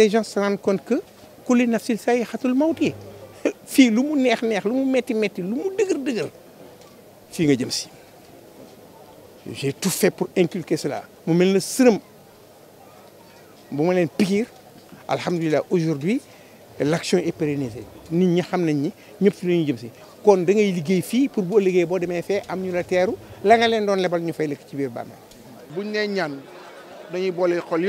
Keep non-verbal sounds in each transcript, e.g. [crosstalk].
les gens se rendent compte que les [laughs] Fi lu mu neex neex lu mu metti metti lu mu nga jëm j'ai tout fait pour inculquer cela mu mel na pire, aujourd'hui l'action est pérennisée nit ñi xam ni ñepp fi ñu jëm si kon da pour boo liggéey am ñu la la nga ñu fay lekk ci biir buñ ñaan dañuy xol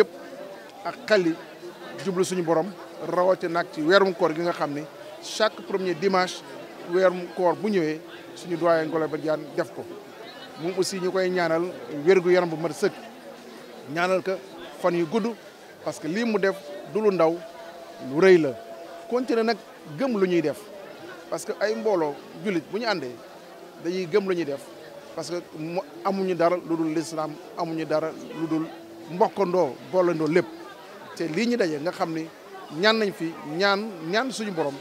jublu suñu borom rawate nag ci weerum koor gi nga xam ni chaque premier dimanche weerum koor bu ñëwee suñu doyen Ngolo Badiane def ko moom aussi ñu koy ñaanal wérgu yaram bu mat sëkk ñaanal ko fan yu gudd parce que lii mu def du lu ndaw lu rëy la continuer nag gëm lu ñuy def parce que ay mbooloo jullit bu ñu àndee dañuy gëm lu ñuy def parce que amuñu dara lu dul lislaam amuñu dara lu dul mbokkandoo boolandoo lépp té li ñu dajé nga xamni ñaan nañ fi ñaan ñaan suñu borom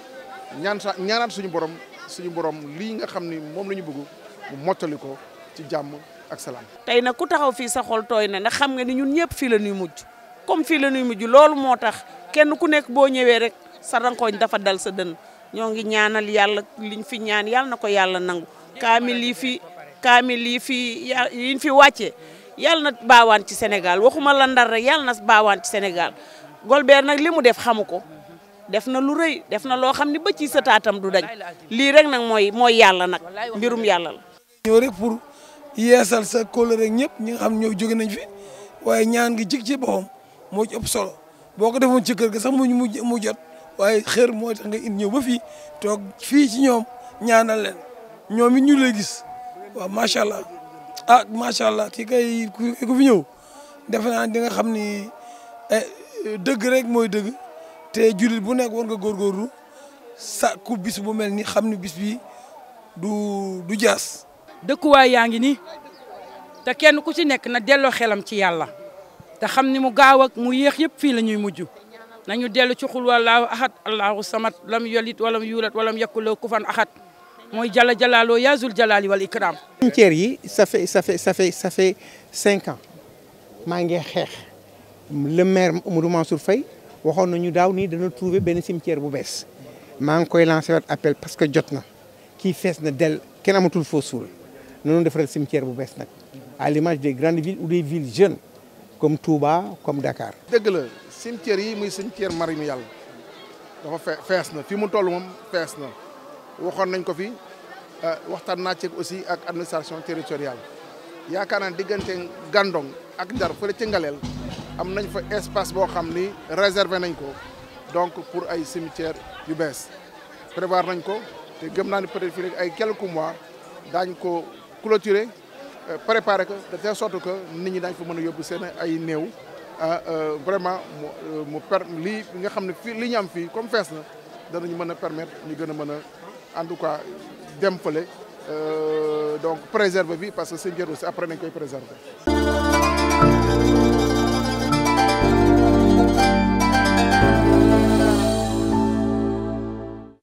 ñaan sa ñaanaat suñu borom suñu borom li nga xamni mom lañu bëgg mu mottali ko ci jamm ak salam tay nag ku taxaw fi sa xol toy na ndax xam nga ni ñun ñepp fi la ñuy mujj comme fi la ñuy mujj lool motax kenn ku nekk bo ñëwé rek sa rankoñ dafa dal sa dënn ñoo ngi ñaanal yalla liñ fi ñaan yalla nako yalla nangu yi fi kamil yi fi ya, yiñ fi wacce yàlla na baawaan ci Sénégal waxuma la ndar rek na baawaan ci Sénégal Golbert nag li mu def xamu ko def na lu rëy def na loo xam ne ba ci taatam du dañ lii rek nag mooy mooy yàlla nag mbirum yàlla la. ñëw rek pour yeesal sa kóoló rek ñëpp ñu nga xam ñëw jóge nañ fi waaye ñaan ngi jig ci boppam moo ci ëpp solo boo ko defoon ci ga sax mu mu jot waaye xër moo tax nga indi ñëw ba fii toog fii ci ñoom ñaanal leen ñoom it ñu gis waaw macha ah macha allah kii kay ku fi ñëw defe naa di nga xam ni eh, dëgg rek mooy dëgg te jullit bu nekk war nga góorgóorlu sàkku bis bu mel ni xam ni bis bi du du jaas. dëkkuwaay yaa ngi nii te kenn ku ci nekk na delloo xelam ci yàlla te xam ni mu gaaw ak mu yéex yëpp fii la ñuy mujj nañu dellu ci xul wallaahu ahad allahu samad lam yolit walam yuulat walam yakkuloo fan ahad moy jala jalaaloo yazul jalali wal ikram cimetière yi ça fait ça fait ça fait ça fait 5 ans maa ngi xeex le maire Amadou Mansour Faye waxoon nañu daaw nii dana trouver ben cimetière bu bess maa ngi koy lancer waat appel parce que jotna ki fess na del ken amatul foo suul noonu defaral cimetière bu bees nag à l'image des grandes villes ou des villes jeunes comme Touba comme Dakar. dëgg la cimetière yi muy cimetière Mariam Yàlla dafa fees na fi mu toll moom fees na waxoon nañ ko fi euh, waxtan na ci aussi ak administration territoriale yaakaar naa diggante Gandon ak Ndar fële ci ngalel am nañ fa espace bo xamni ni réservé nañ ko donc pour ay cimetière yu bess prévoir nañ ko te gëm naa ni peut-être fi rek ay quelques mois dañ ko clôturer euh, préparer que de telle sorte que nit ñi dañ fa mëna yobu yóbbu ay néew euh, vraiment mu mu per nga xamni ne li ñu am fii comme fees na danañu mën a permettre ñu gëna mëna en tout cas dem euh, donc préserve vie parce que c'est Jérusalem, aussi après nañ